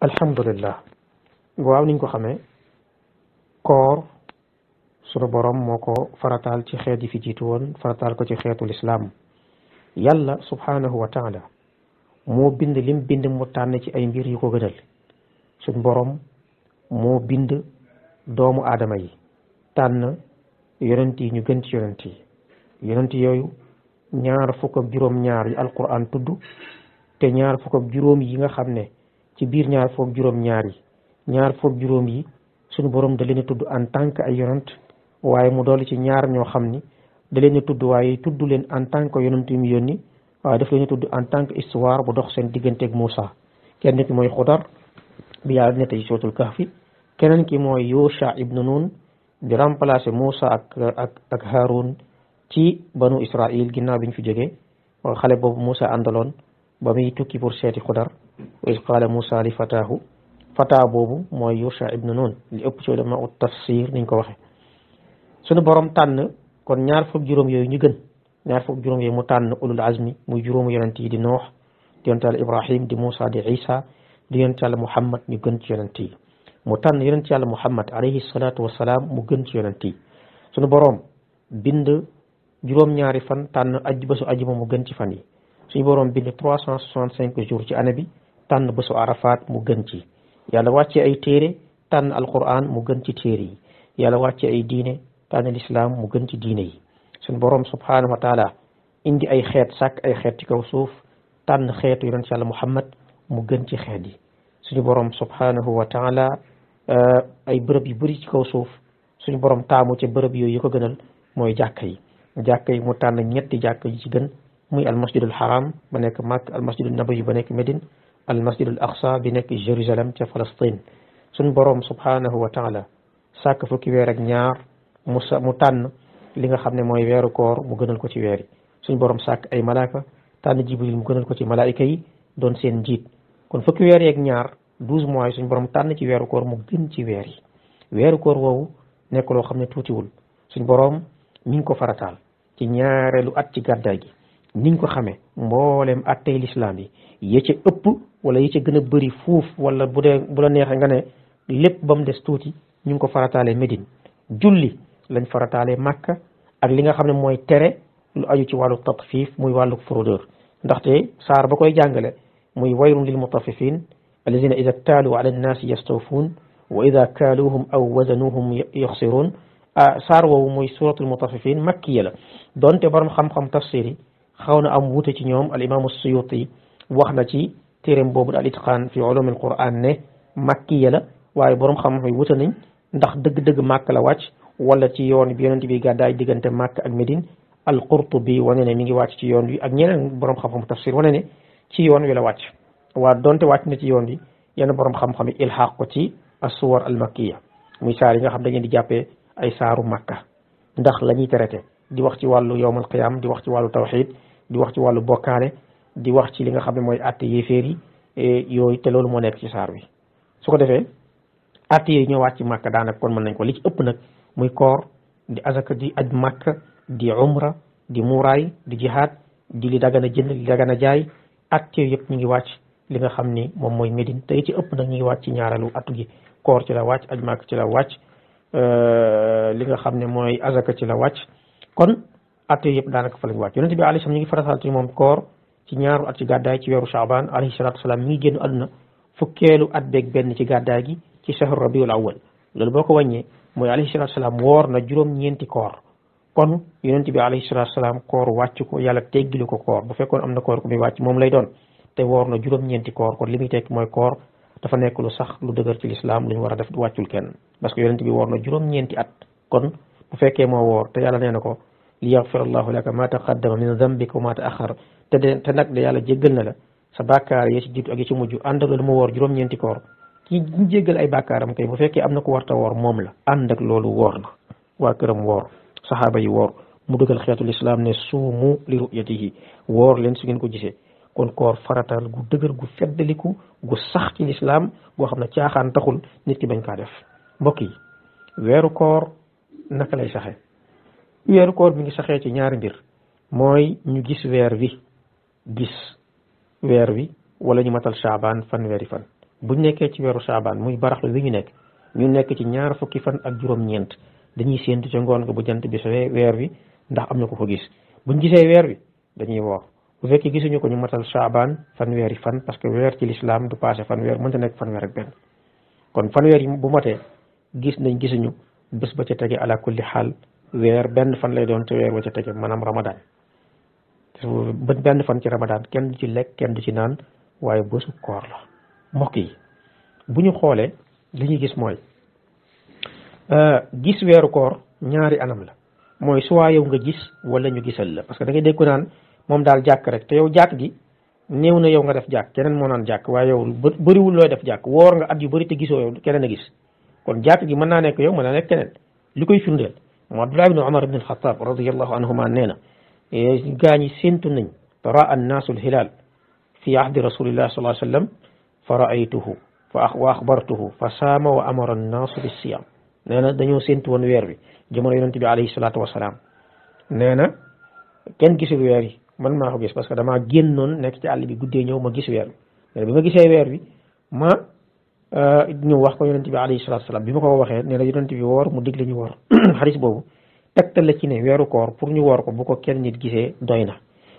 alhamdulillah waaw niñ ko xamee koor sunu borom moo ko farataal ci xeet yi fi jiitu woon farataal ko ci xeetul islaam yàlla subhanahu wa taala moo bind lim bind mu tànn ci ay mbir yu ko gënal suñ borom moo bind doomu aadama yi tànn yonent yi ñu gën ci yonent yi yooyu ñaar fukk ak juróom ñaar yi alquran tudd te ñaar fukk juróom yi nga xam ne ci biir ñaar fukk juróom ñaar ñaar fukk juróom yi suñu borom da leen tudd en tant a ay yonant waaye mu dolli ci ñaar ñoo xam ni da leen a tudd waaye tuddu leen en tant que yonant yu mu yónni waaye daf leen tudd en tant que histoire bu dox seen digganteeg Moussa kenn ki mooy Xudar bi yàlla netta ci sootul kahfi keneen ki mooy Yosha ibnu Nun di remplacer Moussa ak ak ak Haroun ci banu Israil ginnaaw bi ñu fi jógee xale boobu Moussa àndaloon ba muy tukki pour seeti xudar wa id qaala Moussa li fataahu fataa boobu mooy Yursha ibnu Nun li ëpp ci ulama ut tafsir niñ ko ñaar fukk juróom yooyu ñu gën ñaar fukk juróom yooyu mu tànn ulul azmi muy juróomu yonent yi di Noox di yonent Ibrahim di Moussa di Isa di yonent Muhammad ñu gën ci yonent yi mu tànn yonent yàlla Muhammad alayhi salatu wa salaam mu gën ci yonent yi suñu borom bind juróom-ñaari fan tànn ajj ba su mu gën ci fan yi suñu borom bind trois cent soixante cinq jours ci année bi tànn bésu Arafat mu gën ci yàlla wàcce ay téere tànn Alquran mu gën ci téere yi yàlla wàcce ay diine tànn lislaam mu gën ci diine yi suñu borom subhanahu wa taala indi ay xeet sàkk ay xeet ci kaw suuf tànn xeetu yonent yàlla Muhammad mu gën ci xeet yi suñu borom subhanahu wa taala eh, ay bërëb yu bëri ci kaw suuf suñu borom taamu ca bërëb yooyu yi ko gënal mooy jàkka yi jàkka yi mu tànn ñetti jàkka yi ci gën muy al masjidul haram ba nekk Makka al masjidul nabawi ba nekk Médine al masjidul aqsa bi nekk Jérusalem ca Palestine suñ boroom subhanahu wa taala sàkk fukki weer ak ñaar mu sa mu tànn li nga xam ne mooy weeru koor mu gënal ko ci weer yi suñ boroom sàkk ay malaaka tànn jibril mu gënal ko ci malaayika yi doon seen njiit kon weer yeeg ñaar douze mois suñ borom tànn ci weeru koor mu gën ci weer yi weeru koor woowu nekk loo xam ne tuutiwul suñ boroom mi ngi ko farataal ci ñaareelu at ci gàddaay gi niñ ko xamé mbolém atté l'islam bi ya ci ëpp wala ya ci gëna bëri fouf wala bu dé bu la nexé nga ne lépp bam dess des ñu ko faratalé Médine julli lañ faratalé Màkka ak li nga xamné moy tere lu aju ci walu tatfif muy wàllu fraudeur ndaxte sar ba koy jàngale muy wayrun lil mutaffifin alladina ida taalu ala annaasi yastawfuun wa ida kaaluuhum aw wazanuuhum yaxsiruun saar woowu muy suratul mutaffifin makkiya la donte borom xam-xam xaw am wute ci ñoom al imaamu suyuti wax na ci téeréem boobu al itqaan fi ulumil quran ne makkiya la waaye borom xam xam wute nañ ndax dëgg-dëgg màkk la wàcc wala ci yoon bi yonent bi gàddaay diggante màkk ak Medine al qurtubi wane ne mi ngi wàcc ci yoon bi ak ñeneen borom xam-xam tafsir wane ne ci yoon wi la wàcc waa donte wàcc na ci yoon bi yenn borom xam-xam yi ko ci asuwar al makkiya muy saar yi nga xam da ngeen di jàppee ay saaru makka ndax la traité di wax ci wàllu yowmal qiyam di wax ci wàllu tawxid di wax ci wàllu bokkaale di wax ci li nga xam ne mooy atte yéeféer yi e, yooyu te loolu moo nekk ci saar wi su ko defee atte yooyu ñëwaat ci màkk daanaka kon mën nañ ko li ci ëpp nag muy koor di azaka di aj màkk di umra di muuraay di jihaad di li dagana jënd li dagana jaay atte yooyu yëpp ñu ngi wàcc li nga xam ni moom mooy Médine te ci ëpp nag ñu ngi wàcc ci ñaareelu atu gi koor ci la wàcc aj màkk ci la wàcc e, li nga xam ne mooy azaka ci la wàcc kon atte yëpp daanaka fa lañ wàcc yonente bi alayhi salaam ñu ngi farataal ci moom koor ci ñaaru at ci gàddaay ci weeru Shaaban alayhi salaam mi ngi génn àdduna fukkeelu at beeg benn ci gàddaay gi ci shahru rabiul awwal loolu boo ko wàññee mooy alayhi salaatu salaam woor na juróom-ñeenti koor kon yonente bi alayhi salaatu salaam koor wàcc ko yàlla ko koor bu fekkoon am na koor ko wàcc moom lay doon te woor na juróom-ñeenti koor kon li muy tekk mooy koor dafa nekk lu sax lu dëgër ci lislaam lu ñu war def wàccul kenn parce que yonente bi woor na juróom-ñeenti at kon bu fekkee moo woor te yàlla nee na ko li yaxfir allahu laka ma taqaddama min zambika wa ma taaxar te nag de yàlla jéggal na la sa bàkkaar ya ci jiitu ak ya ci mujj ànd ak loolu mu woor juróom-ñeenti koor ki ñu ay bàkkaaram kay bu fekkee am na ko warta woor moom la ànd ak loolu woor na waa këram woor saxaaba yi woor mu dugal xeetul islam ne suumu li ruyatihi woor leen su ngeen ko gisee kon koor farataal gu dëgër gu feddaliku gu sax ci lislaam goo xam ne caaxaan taxul nit ki bañ kaa def mbokk yi weeru koor naka lay saxe weeru koor bi ngi saxee ci ñaari mbir mooy ñu gis weer wi gis weer wi wala ñu matal saabaan fan weeri fan buñ nekkee ci weeru saabaan muy baraxlu wi ñu nekk ñu nekk ci ñaar fukki fan ak juróom-ñeent dañuy séentu ca ngoon nga bu jant bi sowee weer wi ndax am na ko ko gis buñ gisee weer wi dañuy woor bu fekkee gisuñu ko ñu matal saabaan fan weeri fan parce que weer ci lislaam du passé fan weer mënta nekk fan weer benn kon fan weer bu matee gis nañ gisuñu bés ba ca tege xaal weer benn fan lay doon ci weer wa ca tege maanaam ramadan ba benn fan ci ramadan kenn du ci lekk kenn du ci naan waaye bésu koor la mbokk yi bu ñu xoolee li ñu gis mooy euh, gis weeru koor ñaari anam la mooy soit yow nga gis walla ñu gisal la parce que da ngay ko naan moom daal jàkk rek te yow jàkk gi néew na yow nga def jàkk keneen moo naan jàkk waaye yow bëriwul looy def jàkk woor nga at yu bëri te gisoo yow keneen a gis kon jàkk gi mën naa nekk yow mën naa nekk keneen li koy عبد الله بن عمر بن الخطاب رضي الله عنهما نينا يغاني سنتن ترى الناس الهلال في عهد رسول الله صلى الله عليه وسلم فرأيته فأخبرته فصام وأمر الناس بالصيام نينا دانيو سنتون ويربي جمر ينتبي عليه الصلاة والسلام نينا كان كيس ويربي من ما هو بس بس كده ما جنون نكتي علي بيجودي نيو ما كيس ويربي يعني بيجي سير ويربي ما Euh, ñu wax ko yonent bi alayhi salaatu salaam bi ma ko waxee nee na yonent bi woor mu digle ñu woor xaris boobu tegtal la ci ne weeru koor pour ñu woor ko bu ko kenn nit gisee doy na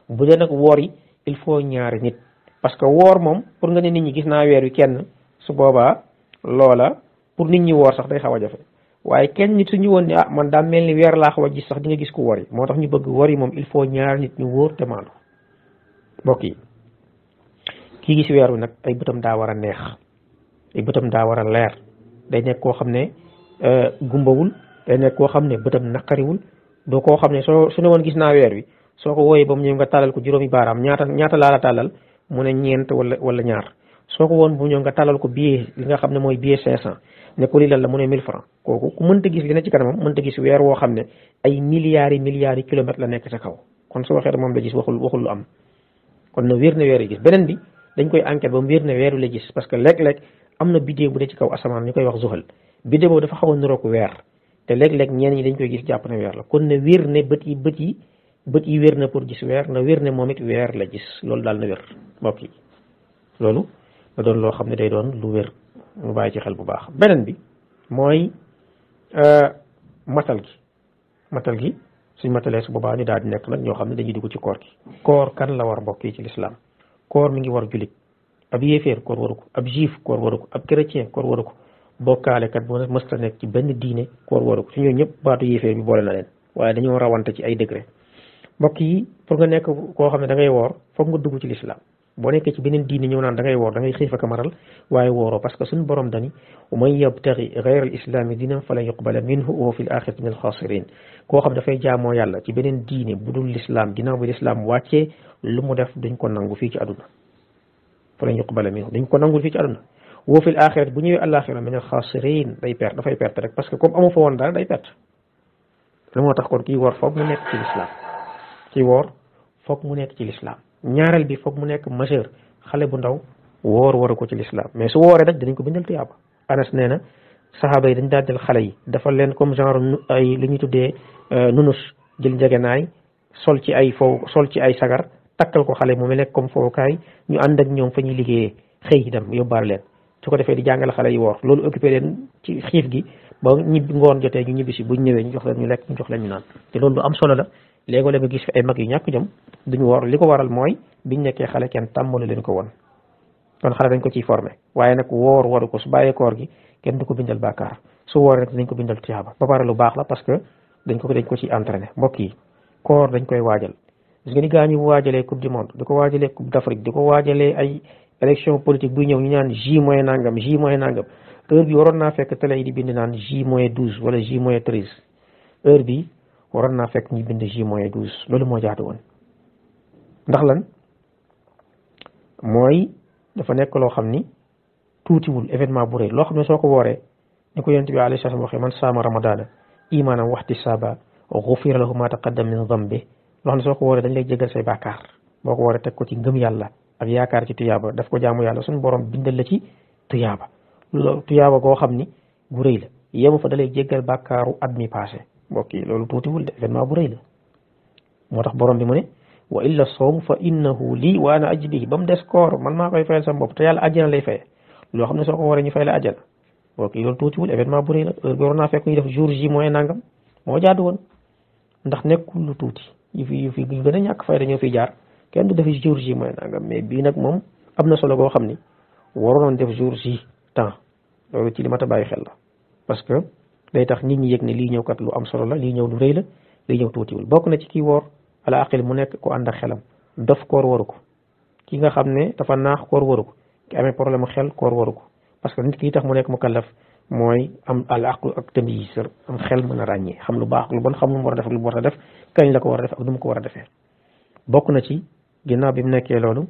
bu dee nag woor yi il faut ñaari nit parce que woor moom pour nga ne nit ñi gis naa weer wi kenn su boobaa loola pour nit ñi woor sax day xaw a jafe waaye kenn nit suñu woon ne ah man daa mel ni weer laa xaw a gis sax di nga gis ko woor yi moo tax ñu bëgg woor yi moom il faut ñaari nit ñu wóor te maandu mbokk yi kii gis weer wi nag ay bëtam daa war a neex ay bëtam daa war a leer day nekk koo xam ne euh, gumbawul day nekk koo xam ne bëtam naqariwul doo koo xam ne su ne woon gis naa weer wi soo ko wooyee ba mu ñëw nga tàllal ko juróomi baaraam ñaata ñaata laa la tàllal mu ne ñeent wala wala ñaar soo ko woon bu ñëw nga tàllal ko bii li nga xam ne mooy billet cinq cent ne ko lii la mu ne mille francs kooku ku mënta gis li ne ci kanamam mënta xam ne ay milliards yi la nekk sa kaw kon su waxee moom la gis waxul waxul lu am kon na wér na weer yi gis beneen bi dañ koy am na biddéew bu dee ci kaw asamaan ñu koy wax zuhal biddéew boobu dafa xaw a niroog weer te léeg-léeg ñenn ñi dañ koy gis jàpp ne weer la kon ne wér ne bët yi bët yi bët yi wér na pour gis weer na wér ne moom it weer la gis loolu daal na wér mbokk yi loolu da doon loo xam ne day doon lu wér mu bàyyi ci xel bu baax beneen bi mooy euh, matal gi matal gi suñ matalee su boobaa ñu daal di nekk nag ñoo xam ne dañuy dugg ci koor gi koor kan la war mbokk yi ci lislaam koor mi ngi war julit ab yéeféer koor waru ko ab juif koor waru ko ab chrétien koor waru ko bokkaalekat boo mësta nekk ci benn diine koor waru ko su ñoo ñëpp baatu yéeféer bi boole na leen waaye dañoo rawante ci ay degré mbokk yi pour nga nekk koo xam ne da ngay woor foog nga dugg ci lislaam boo nekkee ci beneen diine ñëw naan da ngay woor da ngay xiif ak maral waaye wooroo parce que suñu borom dani wa man yabtaghi ghayra al islami dinan falan yuqbala minhu wa fi l axirati min al xaasirin koo xam dafay jaamoo yàlla ci beneen diine bu dul lislaam ginnaaw bi lislaam wàccee lu mu def duñ ko nangu fii ci àdduna فلن يقبل منه دين كون نغول في تي وفي الاخره بو نيوي الاخره من الخاسرين داي بير دا فاي بير رك باسكو كوم امو فون دا داي بير لو موتاخ كون كي وور فوك مو نيك تي الاسلام كي وور فوك مو نيك تي الاسلام نيارال بي فوك مو نيك ماجور خالي بو نداو وور وور كو تي الاسلام مي سو وور رك دين كو بيندل تياب انس نينا صحابه دين دادل خالي دافال لين كوم جانر اي لي ني تودي نونوس جيل نجاغناي سول تي اي فو سول تي اي ساغار takkal ko xale mu mel ne comme fowukaay ñu ànd ak ñoom fa ñuy liggéeyee xëy itam yóbbaale leen su ko defee di jàngal xale yi woor loolu occupé leen ci xiif gi ba ñibbi ngoon jotee ñu ñibbi si bu ñu ñëwee ñu jox leen ñu lekk ñu jox leen ñu naan te loolu lu am solo la léegoo la nga gis fi ay mag yu ñàkk jom duñu woor li ko waral mooy biñ nekkee xale kenn tàmmalu leen ko woon kon xale dañ ko ciy formé waaye nag woor waru ko su bàyyee koor gi kenn du ko bindal bàkkaar su woor nag dañ ko bindal tiyaaba ba pare lu baax la parce que dañ ko dañ ko ciy entraîné mbokk yi koor dañ koy waajal parce que ni gaa ñu coupe du monde diko ko coupe d'afrique diko di ay élection politique bu ñëw ñu naan J moins nangam J moins nangam heure bi waron na fekk télé yi di bind naan J moins 12 wala J moins 13 heure bi waron na fekk ñi bind J moins 12 lolu mo jaatu won ndax lan moy dafa nek lo xamni touti wul événement bu reuy lo xamni soko woré ko wooree ni ko yonent bi alayhi wa sallam man sama ramadan imanan wahtisaba saaba xufira lahu ma taqaddam min dambi loolu soo ko wooree dañ lay jégal say bàkkaar boo ko wooree teg ko ci yàlla ak yaakaar ci tuyaaba ko jaamu yàlla suñu borom bindal la ci tuyaaba loolu tuyaaba goo xam ni bu rëy la yemu fa dalay jéggal bàkkaaru at mi passé yi loolu tuutiwul de bu rëy moo tax borom bi mu ne wa illa sawm fa innahu lii wa ana ajbihi ba mu des koor man maa koy fayal sa bopp te yàlla ajjana lay faye loo xam ne soo ko waree ñu fay la ajjana mbokk yi loolu tuuti wul bu rëy la heure naa fekk ñu def jour ji mooy nangam moo jaadu woon ndax nekkul lu tuuti yu fi yu fi yu gën a ñàkk fayda ñoo fiy jaar kenn du def jour ji mooy mais bii nag moom am na solo boo xam ni waroon def jour ji temps loolu ci li mat bàyyi xel la parce que day tax nit ñi yëg ne lii ñëw kat lu am solo la lii ñëw lu rëy la lii ñëw tuutiwul bokk na ci kii woor ala aqil mu nekk ko ànd ak xelam dof koor waru ko ki nga xam ne dafa naax koor waru ko ki amee problème xel koor waru ko parce que nit kii tax mu nekk mu kallaf mooy am al aqlu ak tamyiz am xel mën a ràññee xam lu baax lu bon xam lu mu def ak lu mu war a def kañ la ko war a def mu ko war a defee bokk na ci ginnaaw bi mu nekkee loolu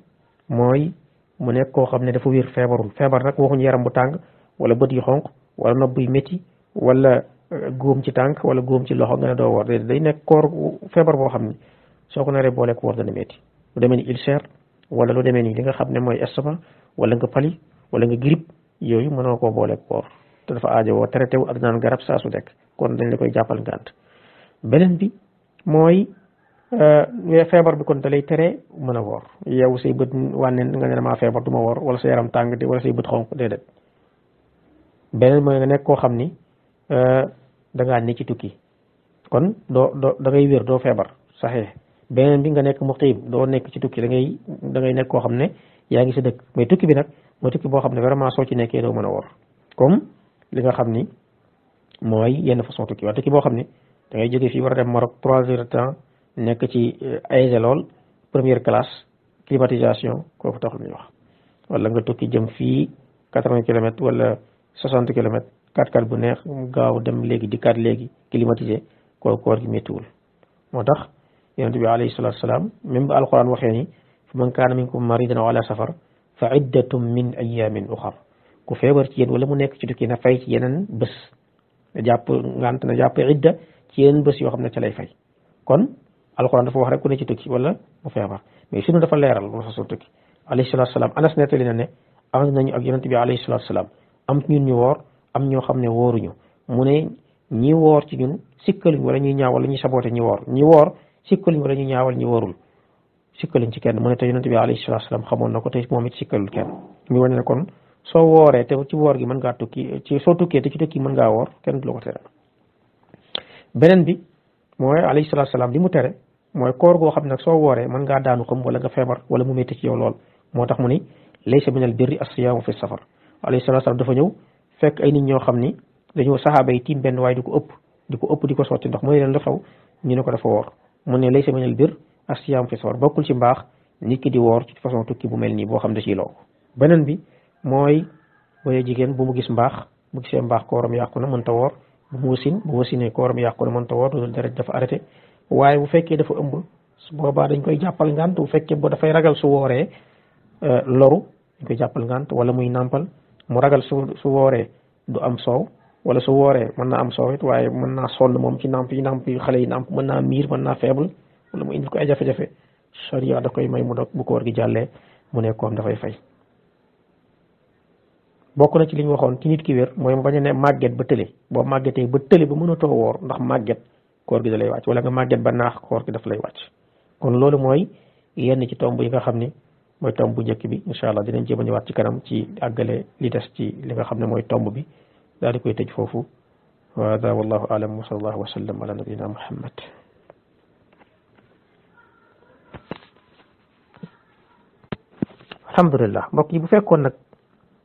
mooy mu nekk koo xam ne dafa wér feebarul feebar nag waxuñu yaram bu tàng wala bët yu xonq wala nopp yu métti wala euh, góom ci tànk wala góom ci loxo nga doo day nekk koor feebar boo xam ne soo ko naree booleeg woor dana métti lu deme ni ulcère wala lu demee ni li nga xam ne mooy estomac wala nga pali wala nga grippe yooyu mënoo ko booleeg koor te dafa aajowoo traité wu ak naan garab saa su nekk kon dañ koy jàppal ngant beneen bi mooy euh, feebar bi kon da tere mën a woor yow say bët wànneen nga ne damaa feebar du ma woor wala sa yaram tàng de wala say bët xonk déedéet beneen mooy nga nekk koo xam ni euh, da ngaa ne tukki kon doo doo da ngay wér doo feebar saxe beneen bi nga nekk muqim doo nekk ci tukki da ngay da ngay nekk koo xam ne yaa ngi sa dëkk may tukki bi nag mooy tukki boo xam ne vraiment soo ci nekkee doo mën a woor comme li nga xamni moy yenn façon tukki wa tukki bo xamni da ngay jógee fi wara dem Maroc 3h de temps nek ci aisé lol première classe climatisation ko fa taxul ñuy wax wala nga tukki jëm fi 80 km wala 60 km 4 quatre-quatre bu neex gaaw dem di 4 léegi climatisé ko ko gi méttiwul motax tax yonent bi alayhi salatu wassalam même ba alcorane waxé ni fa man kaana minkum maridan wala safar fa min ayyamin ukhra ku feebar ci yéen wala mu nekk ci tukki na fay ci yeneen bés na jàpp ngant na jàpp idda ci yeneen bés yoo xam ne ca lay fay kon alxuraan dafa wax rek ne ci tukki wala mu feebar mais sunu dafa leeral lu sa tukki alayhi salaatu salaam anas nettali na ne am ñun ñu woor am ñoo xam ne wooruñu mu ne ñi woor ci ñun sikkaluñ wala ñuy ñaaw wala ñuy saboote ñi woor ñi woor sikkaluñ wala ñuy ñaawal ñi woorul sikkaluñ ci kenn mu ne te yonent bi alayhi salaatu salaam xamoon na ko te moom it sikkalul kenn ñu wane ne kon soo wooree te ci woor gi mën ngaa tukki ci soo tukkee te ci tukki mën ngaa woor kenn du la ko tere beneen bi mooy alayhi salaatu salaam li mu tere mooy koor goo xam ne nag soo wooree mën ngaa daanu xam wala nga feebar wala mu métti ci yow lool moo tax mu ni laysa minal birri as-siyaamu fi safar alayhi salaatu dafa ñëw fekk nit ñoo xam ni dañoo saxaaba yi tiim benn waaye di ko ëpp di ko ëpp di ko sotti ndox mooy leen la xaw ñu ne ko dafa woor mu ne laysa minal birri as-siyaamu bokkul ci mbaax nit ki di woor façon tukki bu mel nii boo xam da ci loo beneen bi mooy waye jigéen bu mu gis mbaax bu gisee mbaax kooram yàqu na mënta woor bu mu wasin bu wasinee kooram yàqu na mënta woor loolu deret dafa arrêté waaye bu fekkee dafa ëmb su boobaa dañ koy jàppal ngant bu fekkee ba dafay ragal su wooree euh, loru dañ koy jàppal ngant wala muy nàmpal mu ragal su su wooree du am soow wala su wooree mën naa am soow it waaye mën naa sonn moom ci nàmp yi nàmp yi xale yi nàmp mën naa miir mën naa faible wala mu indil ko ay jafe-jafe charia da koy may mu dog bu koor gi jàllee mu nekkoon dafay fay bokk na ci li ñu waxoon ci nit ki wér mooy bañ a ne ba tële boo màggetee ba tële ba mënatoo woor ndax màgget koor gi da lay wàcc wala nga màgget ba naax koor gi daf lay wàcc kon loolu mooy yenn ci tomb yi nga xam ne mooy tomb bu njëkk bi incha allah dinañ jéem a ñëwaat ci kanam ci àggale li des ci li nga xam ne mooy tomb bi daal di koy tëj foofu waa hada wallahu alam wa sallallahu wa sallam ala nabiyina muhammad mbokk yi bu fekkoon nag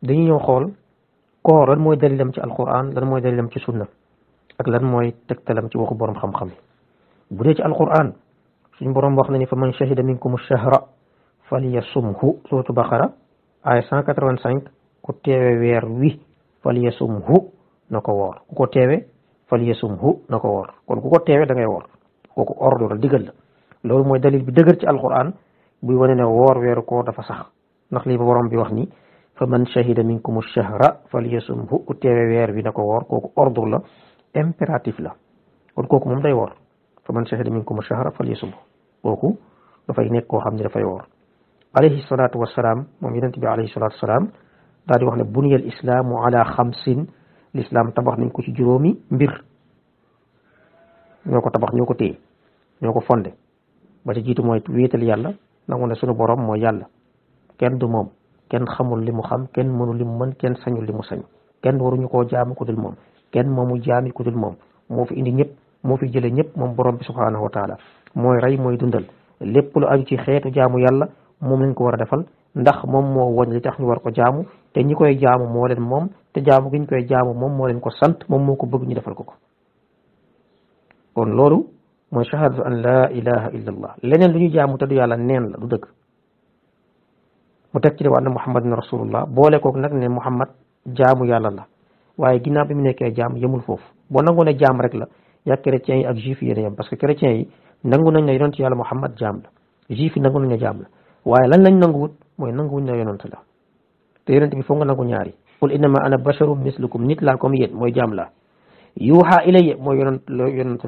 dañuy ñëw xool koor lan mooy dalilam ci alquran lan mooy dalilam ci sunna ak lan mooy tegtalam ci waxu borom xam-xam bu dee ci alquran suñ borom wax na ni fa man shahida minkum shahra falyasumhu suratu baqara ay 185 ku teewe weer wi falyasumhu na ko woor ku ko teewe falyasumhu na ko woor kon ku ko teewe da ngay woor koku ordre la digal la loolu mooy dalil bi dëgër ci alquran buy wane ne woor weeru koor dafa sax ndax li borom bi wax ni فمن شهد منكم الشهر فليصمه كتير وير بينا كو وار كوك اوردو لا امبيراتيف لا كون كوك موم داي وار فمن شهد منكم الشهر فليصمه كوكو دا فاي نيك كو خامني دا فاي وار عليه الصلاه والسلام موم ينتي بي عليه الصلاه والسلام دا دي واخني بني الاسلام على خمس الاسلام تبخ نكو سي جرومي مبير نيوكو تبخ نيوكو تي نيوكو فوندي با تي جيتو موي ويتال يالا نامو نه سونو بوروم مو يالا كين دو موم kenn xamul li mu xam kenn mënul li mu mën kenn sañul li mu sañ kenn waruñu koo jaamu ku dul moom kenn moomu jaami ku dul moom moo fi indi ñëpp moo fi jëlee ñëpp moom borom bi subhaanahu wa taala mooy rey mooy dundal lépp lu aju ci xeetu jaamu yàlla moom lañ ko war a defal ndax moom moo woñ li tax ñu war ko jaamu te ñi koy jaamu moo leen moom te jaamu gi koy jaamu moom moo leen ko sant moom moo ko bëgg ñu defal ko ko kon loolu mooy shahadatu an laa ilaha illa leneen lu ñu jaamu te du yàlla neen la du dëgg mu teg ci wa anna mu rasulullah boole kook nag ne muhammad mu nekkee jaam yemul foofu boo nangoo ne jaam rek la yaa chrétiens yi ak juifs yi yéen parce que chrétiens yi nangu nañ ne yonent yàlla muhammad jaam la juifs yi nangu nañ ne jaam la waaye lan lañ nanguwut mooy nanguwuñ ne yonent la te yonent bi foog nga nangu ñaari qul innama ana basharum mislukum nit laa comme yéen mooy jaam ma yonent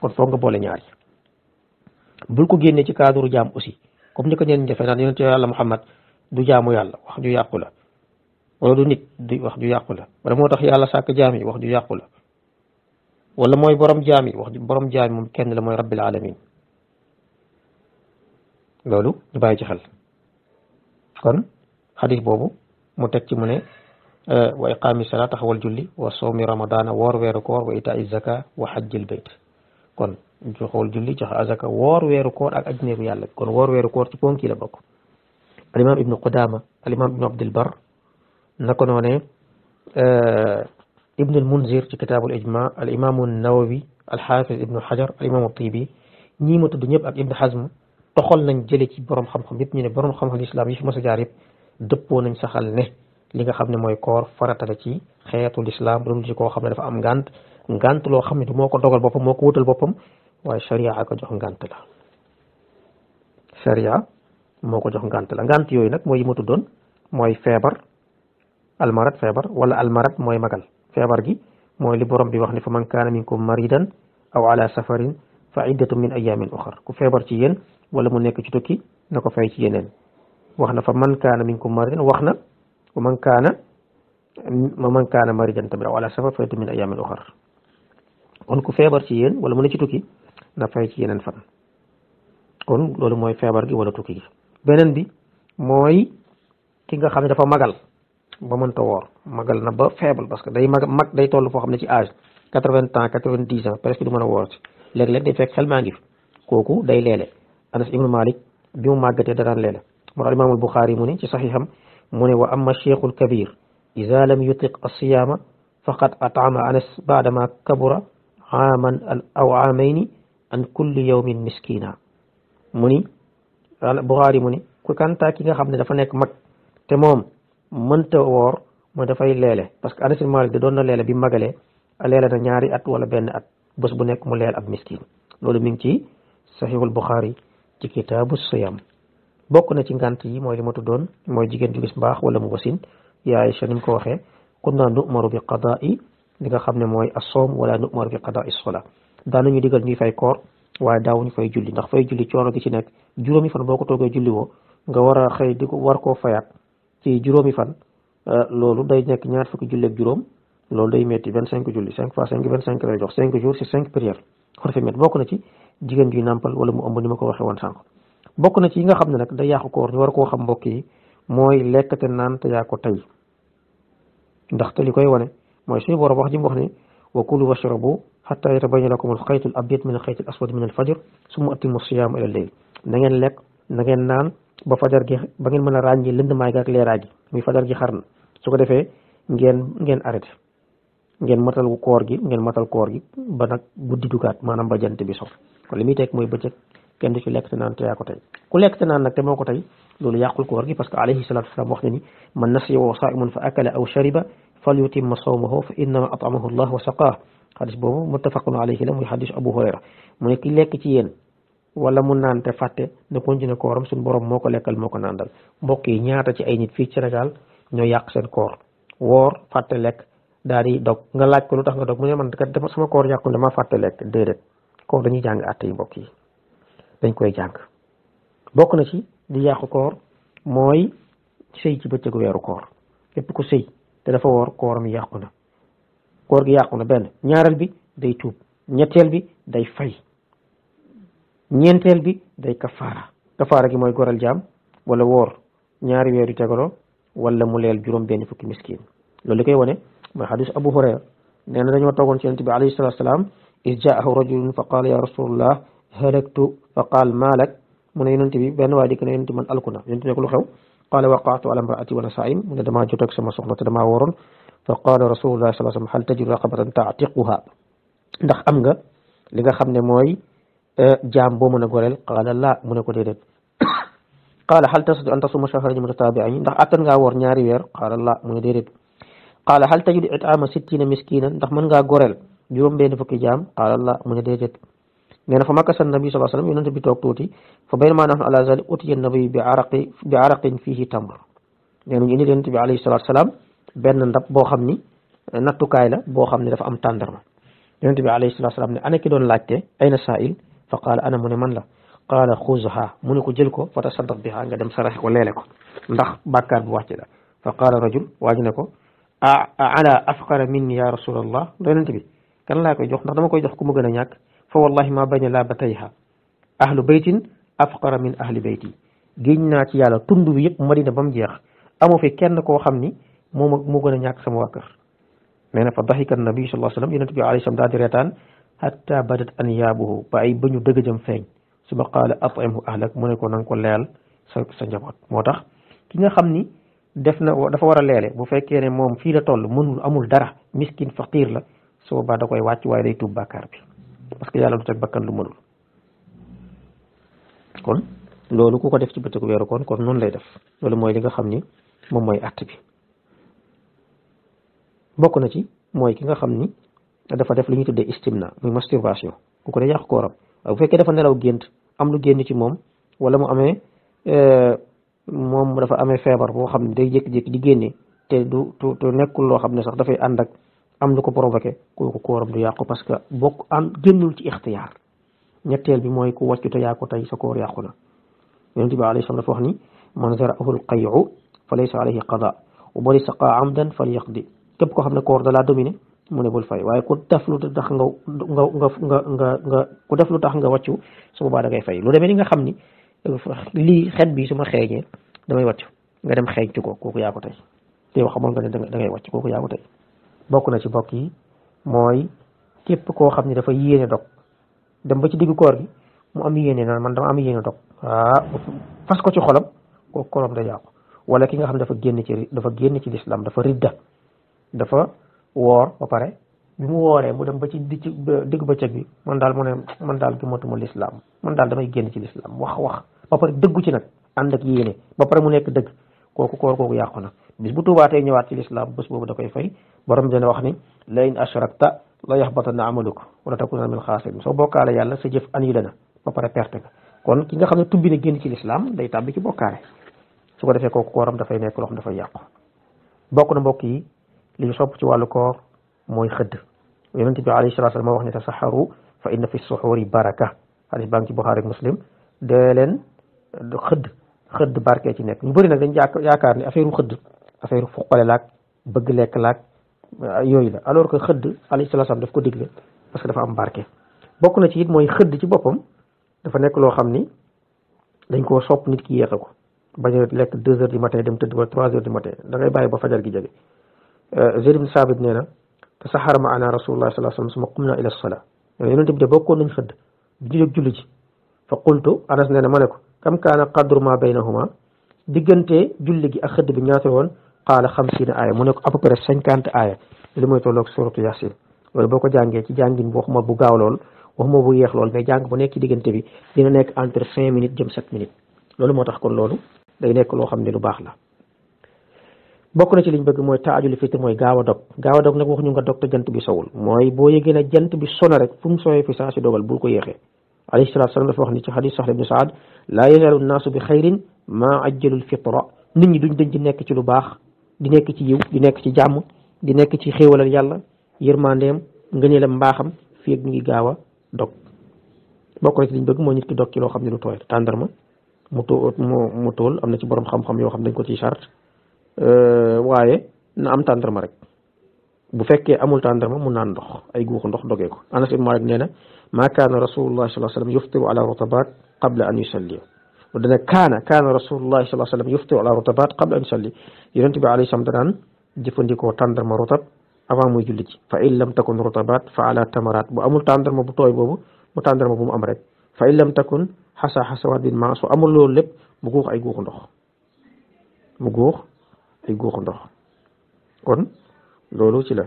kon foog nga boole ñaari bul ko génnee ci cadre jaam aussi kom ni ko ñeen defee nan yonentu yàlla Muhammad du jaamu yàlla wax ju yàqu la wala du nit du wax ju yàqu la wala motax yàlla sak jaami wax ju yàqu la wala moy borom jaami wax wax borom jaami mom kenn la moy rabbil alamin lolu du baye ci xel kon hadith bobu mu tek ci mune wa iqami salata wal julli wa sawmi ramadana wa weeru koor wa ita'i zaka wa hajjil bayt kon joxool julli jox azaka woor weeru koor ak aj néegu yàlla bi kon woor weeru koor ci ponk yi la bokk alimam ibnu qudama alimam ibnu abdul bar naka noone ibnu almunzir ci kitaabul ijma alimamu nawawi alxaafis ibnu xajar alimamu tibi ñii ma tudd ñëpp ak ibnu xazm toxal nañ jële ci borom xam-xam yëpp ñu ne borom xam-xam islam yi fi mos a jaar yëpp dëppoo nañ saxal ne li nga xam ne mooy koor farata la ci xeetu lislaam bu dul ci koo xam ne dafa am ngànt ngànt loo xam ne du moo ko dogal boppam moo ko wutal boppam waaye sharia a ko jox ngànt la sharia moo ko jox ngànt la ngànt yooyu nag mooy yi ma tuddoon mooy feebar almarat feebar wala almarat mooy magal feebar gi mooy li borom bi wax ne fa man kaana minkum maridan aw ala safarin fa iddatu min ayamin uxar ku feebar ci yéen wala mu nekk ci tukki na ko fay ci yeneen wax na fa man kaana minkum maridan wax na wa man kaana ma man kaana maridan tamit aw ala safar fa iddatu min ayamin uxar kon ku feebar ci yéen wala mu ne ci tukki da fay ci yenen fan kon lolu moy febar gi wala tukki benen bi moy ki nga xam dafa magal ba mën ta wor magal na ba faible parce que day mag mag day tollu fo xam ci âge 80 ans 90 ans presque du mëna wor ci leg leg day fek xel ma ngi koku day lele anas ibnu malik bi mu magate da daan leele moo tax imaamul buxaari mu ne ci sahiham mu ne wa amma shaykh al kabir اذا لم يطق الصيام فقد اطعم انس بعدما كبر عاما او عامين an kulli yawmin miskina muni ni bukhari muni ku kanta ki nga xamne dafa nek mak te mom moom wor mo da fay lele parce que Anas bin Malik da doon na leele bi magale lele na ñaari at wala ben at bés bu nek mu lele ak miskin lolu mi ngi ci sahih al bukhari ci kitab as siyam bokku na ci ngant yi moy li ma tuddoon mooy jigéen ju gis bax wala mu wasin ya sa ni mu ko waxe kunna nu'maru bi qada'i li nga xamne moy as-sawm wala nu'maru bi qada'i as-salat daanuñu digal ñuy fay koor waaye daawuñu fay julli ndax fay julli coono gi ci nekk juróomi fan boo ko toogee julli woo nga war a xëy di ko war ci juróomi fan euh, loolu day nekk ñaar fukki julli ak juróom loolu day metti vingt cinq julli cinq fois cinq vingt cinq lay jox cinq jours ci cinq prières kon dafa métti bokk na ci jigéen juy nàmpal wala mu ëmb ni ma ko waxee woon sànq bokk na ci yi nga xam ne nag day yàqu koor ñu war koo xam mbokk mooy lekk te naan te yaa ko tey ndax mooy suñu borom wax ji mu wax ne wa kulu washrabu xataa yatabayyana lakum alxaytul abyad min alxaytil aswad min alfajr summa atimmu siyaam ila leyl na ngeen lekk na ngeen naan ba fajar gi ba ngeen mën a ràññee lëndmaay gi ak leeraay gi muy fajar gi xar na ko defee ngeen ngeen arrêté ngeen matal koor gi ngeen matal koor gi ba nag guddi dugaat maanaam ba bi so kon li muy teg mooy bëccëg kenn du ci lekk te naan te yaa ko tey ku lekk te naan nag te moo ko tey loolu yàqul koor gi parce que alayhi salatu wasalam wax ne ni man nasiya wa saimun fa akala aw shariba falyutimma wa saqaah xadis boobu muttafaqun alayhi la muy xadis abu mu ne ki lekk ci ne continué kooram suñu borom moo ko lekkal moo ko naandal mbokk yi ñaata ci ay nit fii Sénégal ñoo yàq seen koor woor fàtte lekk daal yi dog nga laaj ko lu tax nga dog mu ne man kat sama koor yàqu dama fàtte lekk déedéet koor dañuy jàng àtte yi mbokk yi dañ koy jàng bokk na ci di yàqu koor mooy sëy ci bëccëgu weeru koor te dafa woor kooram yàqu na koor gi yàqu na benn ñaareel bi day tuub ñetteel bi day fay ñeenteel bi day kafaara kafaara gi mooy goral jaam wala woor ñaari weer yu tegaloo wala mu leel juróom benn fukki miskin loolu li koy wane mooy xadis abu hurayra nee na dañoo toogoon ci yonent bi alayhi salatu wasalaam is jaahu rajulun fa qaala ya rasulullah halaktu fa qaal maalak mu ne yonent bi benn waay dikk ne yonent man alku na yonent ko lu xew qaala waqaatu ala imraati wa ana saim mu ne damaa joteeg sama soxna te damaa wóoroon fa qaala rasulullah sallallahu alayhi wa taatiquha ndax am nga li nga xam ne mooy eh, jaam boo mën a goreel qaala laa mu ne ko déedéet qaala hal tastati'u an tasuma shahrayni mutataabi'ayni ndax attan ngaa woor ñaari weer qaala laa mu ne déedéet qaala hal tajidu it'aama sittiina miskiinan ndax mën ngaa goreel juróom benn fukki jaam qaala laa mu ne déedéet نينا فما كسر النبي صلى الله عليه وسلم يننت بتوك توتي فبينما نحن على ذلك أتي النبي بعرق بعرق فيه تمر نينا يعني ينين تبي عليه الصلاة والسلام بين ندب بو خمني نتو كايلا بو خمني دفع عليه الصلاة والسلام أنا كدون لاتي أين سائل فقال أنا من من لا قال خوزها منك جلكو فتصدق بها أنك دم سرحك وليلك ندخ بكار بواتي فقال رجل واجنكو أعلى أفقر مني يا رسول الله ينين كان لا يكوي جوخ نخدمكو يجوخ كمو fa wallahi ma bañ a laa ba tayha ahlu baytin afqara min ahli bayti géej naa ci yàlla tund bi yëpp madina ba mu jeex amu fi kenn koo xam ni moo moo gën a ñàkk sama waa kër na fa daxika nabi sallallahu alayhi wasallam yonent bi alayhi daal di reetaan hatta badat an yaabuhu ba ay bañu dëgëjam feeñ suma qaala at'imhu ahlak mu ne ko na ko leel sa sa njaboot moo tax ki nga xam ni def na dafa war a leele bu fekkee ne moom fii la toll mënul amul dara miskin faqir la soo boobaa da koy wàcc waaye lay tuub bàkkaar bi parce que yàlla du teg bakkan lu mënul kon loolu ku ko def ci bëccëgu weeru koor kon noonu lay def loolu mooy li nga xam ni moom mooy àtt bokk na ci mooy ki nga xam ni dafa def lu ñuy tuddee istimna muy masturbation ku ko dee yàq kooram waaye bu fekkee dafa nelaw gént am lu génn ci moom wala mu amee euh, moom mu dafa amee feebar boo xam ne day jékki-jékki di génne te du tu nekkul loo xam ne sax dafay ànd am na ko provoqué kooku kooram du yàqu parce que bokk am génnul ci ixtiyaar ñetteel bi mooy ku wàccu te yaa ko tey sa koor yàqu na yonent bi alayhi salaam dafa wax ni man zaraahu alqayu fa laysa alayhi qada wa bari saqa amdan fal yaqdi képp ko xam ne koor da laa dominé mu ne bul fay waaye ku def lu tax nga nga nga ku def lu tax nga wàccu su boobaa da ngay fay lu demee ni nga xam ni lii xet bi su ma xeeñee damay wàccu nga dem xeeñtu ko kooku yaa ko tey te yow xamoon nga ne da ngay wàcc kooku bokku na ci bokk yi mooy képp koo xam ne dafa yéene dog dem ba ci digg koor gi mu am yéene naan man dama am yéene dog ah fas ko ci xolam ko korom da yàqu wala ki nga xam dafa génn ci dafa génn ci lislam dafa ridda dafa woor ba pare bi mu wooree mu dem ba ci di digg bëccëg bi man daal mu ne man daal gëmatuma lislam man daal damay génn ci lislam wax wax ba pare dëggu ci nag ànd ak ba pare mu nekk dëgg kooku koor kooku yàqu na bis bu tuubaatee ñëwaat ci lislaam bés boobu da koy fay borom dana wax ni la in ashrakta la yaxbatanna amaluk wala takunanna min xaasirin soo bokkaale yàlla sa jëf an yu dana ba kon ki nga xam ne tubbi na génn ci lislaam day tàbbi ci bokkaale su ko defee kooku kooram dafay nekk loo xam dafay yàqu bokk na mbokk yi li ñu sopp ci wàllu koor mooy xëdd yonente bi alayhi salaatu moo wax ne tasaxaru fa inna fi suxuuri baraka xadis baa ngi ci Buxaari ak Muslim dee leen xëdd xëdd barke ci ne affaire affaire fuqale laag bëgg lekk laag yooyu la alors que xëdd alayhi salaam daf ko digle parce que dafa am barke. bokk na ci it mooy xëdd ci boppam dafa nekk loo xam ni dañ koo sopp nit ki yéexe ko bañ a lekk deux heures du matin dem tëdd ba trois heures du matin da ngay bàyyi ba fajar gi jege. Euh, Zayd ibn Saabit nee na tasaxara ma ana rasulullah sallallahu alayhi wa sallam suma qumna ila salaa yonent bi de bokkoon nañ xëdd bi ñu jóg julli ci fa qultu anas nee na ma ne ko kam kaana qadru ma baynahuma diggante julli gi ak xëdd bi ñaata woon qaala xamsiina aaya mu ne ko à peu près cinquante aaya li mooy tolloog suratu yasin loolu boo ko jàngee ci jàngin bu gaaw lool waxuma nekk ci diggante bi dina nekk moo tax kon loo xam ne lu baax la bokk na ci liñ bëgg mooy taajul fitr mooy gaaw a dog gaaw a dog nag waxuñu nga dog te jant bi sowul mooy boo yëgee ne jant ko yéexee alayhi salaatu salaam dafa wax ni ci xadis sahl nekk ci lu baax di nekk ci yiw di nekk ci jàmm di nekk ci xéewalal yàlla yërmandeem dok. mbaaxam fii ak ngi gaaw a dog bokk na ci liñ bëgg mooy nit ki dog ci loo xam ne lu tooy tàndarma mu mu tool am ci borom xam-xam yoo xam dañ ko ci charte euh, waaye na am tàndarma rek bu fekkee amul tàndarma mu naan ndox ay guuxu ndox dogee ko anas ibn malik nee na ma kaana rasulullah sallallahu Alaihi Wasallam sallam ala rutabat qabla an yusalli. ودنا كان كان رسول الله صلى الله عليه وسلم يفطر على رطبات قبل أن يصلي يونت بي عليه السلام دان جيفنديكو تاندرما رطب avant muy julli ci fa in lam takun rutabat fa ala tamarat bu amul tàndarma bu tooy boobu mu tàndarma bu mu am rek fa in lam takun xasa xasawaat bin ma su amul loolu lépp mu guux ay guuxu ndox mu guux ay guuxu ndox kon loolu ci la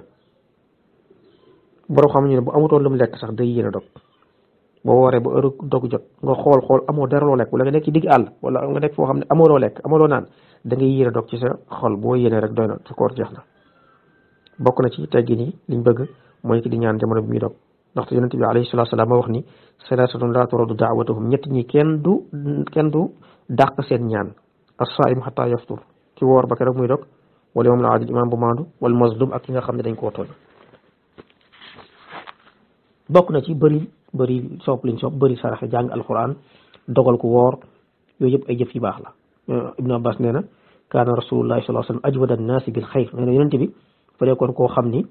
borom xam ñu ne bu amutoon lu mu lekk sax day yéene dog boo waree ba heure dog jot nga xool xool amoo dara loo lekk wala nga nekk ci digg àll wala nga nekk foo xam ne amoo loo lekk amoo loo naan da ngay yéene dog ci sa xol boo yéene rek doy na sa koor jeex na bokk na ci teggin yi liñ bëgg mooy di ñaan jamono bi muy dog ndaxte yonente bi alayhi salatu salaam moo wax ni salaasatun laa turaddu daawatuhum ñett ñi kenn du kenn du dàq seen ñaan as-saa'im xataa yaftur ki woor ba keroog muy dog wala imaam al-aadil imaam bu maandu wal mazlum ak ki xam ne dañ koo bëri sopp liñ sopp bëri saraxe jàng alquran dogal ko woor yooyu yëpp ay jëf yu baax la euh, ibnu abbas nee na kaana rasulullahi sallallahu alayhi wa sallam ajwada annaasi bil xayr nee na yonente bi fa nekkoon koo xam ni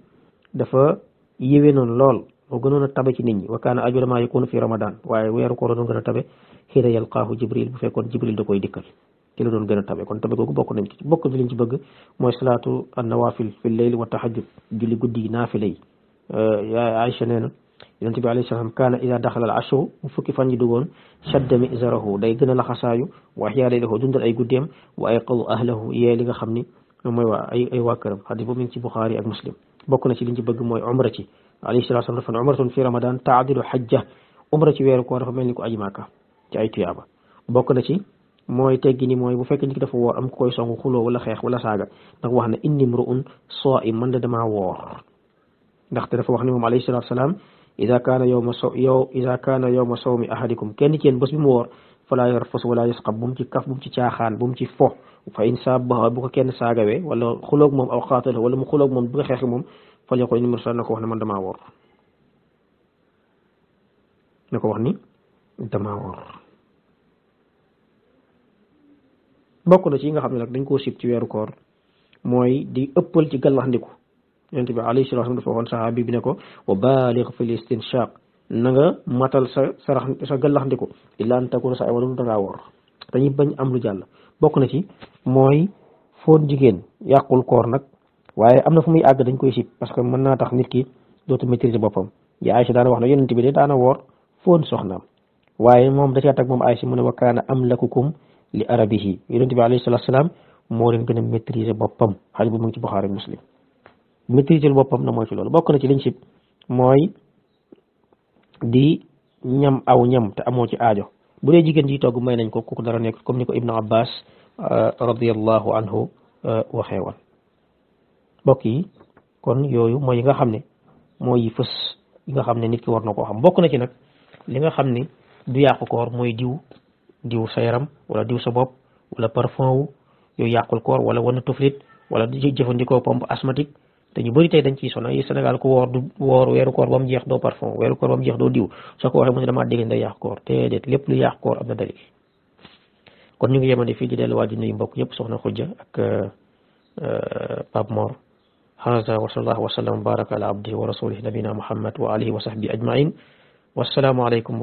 dafa yéwee noonu lool moo gënoon a tabe ci nit ñi wa kaana ajwada maa yakunu fi ramadan waaye weeru koor doon gën a tabe xiina yalqaahu jibril bu fekkoon jibril da koy dikkal ci la doon gën a tabe kon tabe googu bokk nañ ci bokk ci liñ ci bëgg mooy salaatu an nawafil fi leyl wa tahajjud julli guddi yi naafile yi euh, Aïcha nee na yonent bi alayhi salaam kaana ida daxala al ashru bu fukki fan yi duggoon shadda mi izarahu day gën laxasaayu waa day dafoo dundal ay guddeem wa ay ahlahu yee li nga xam ni mooy waa ay ay waa këram xadis boobu mi ngi ci Buxaari ak Muslim bokk na ci liñ ci bëgg mooy umra ci alayhi salaatu salaam dafa ne umratun fi mel ni ko aji Màkka ci ay tuyaaba bokk na ci mooy teggi ni mooy bu fekkee nit ki dafa woor am ku koy songu xuloo wala xeex wala saaga ndax wax na inni mru'un saaim man da damaa woor ndaxte dafa wax ne moom alayhi salaatu salaam idza kana yawm yaw idza kana maso, mi ahadikum ken ken bos bi mu wor fala yarfus wala yasqab bum ci kaf bum ci tiaxan bum ci fo fa in sabba bu ko ken sagawé wala khulok mom aw khatal wala mu mom bu xex mom fa li ko ni mursal nako wax ne man dama wor nako wax ni dama wor bokku na ci nga xamni nak dañ ko sip ci wéru koor moy di eppal ci galaxndiku yonent bi alayhi salaatu dafa waxoon saxaabi bi ne ko wa baalig fil istinshaq na matal sa sarax sa gàllaxndiku illaa an takuna sa ay wala dangaa woor dañuy bañ am lu jàll bokk na ci mooy foon jigéen yàqul koor nag waaye am na fu muy àgg dañ koy sib parce que mën naa tax nit ki dootu maîtriser boppam ya si daana wax ne yonent bi de daana woor foon soxnaam waaye moom da a tag moom ay mu ne wa kaana amlakukum li arabihi yonent bi alayhi salaatu salaam moo leen gën a maîtriser boppam maîtriser boppam na mooy ci loolu bokk na ci mooy di ñam aw ñam te amoo ci aajo bu dee jigéen ji togg may nañ ko kooku dara nekk comme ni ko ibnu abbas uh, radiallahu anhu uh, waxee woon mbokk yi kon yooyu mooy yi nga xam ne mooy yi fës yi nga xam ne nit ki war na koo xam bokk na ci nag li nga xam ne du yàqu koor mooy diw diw sa yaram wala diw sa bopp wala parfum wu yooyu yàqul koor wala wana tuflit wala jëfandikoo pompe asthmatique te ñu bëri tey dañ ciy sono yi Sénégal ku woor du woor weeru koor ba mu doo parfum weeru koor ba mu doo diw soo ko waxee mu ne damaa dégg day yàq koor te déet lépp lu yàq koor am na kon ñu ngi yemane fii di delluwaat di nuyu mbokk yëpp soxna Khoudia ak euh, euh, Pape Mor haza wa sallallahu wa sallam baraka nabina muhammad wa alihi wa sahbi ajmain wassalaamu aleykum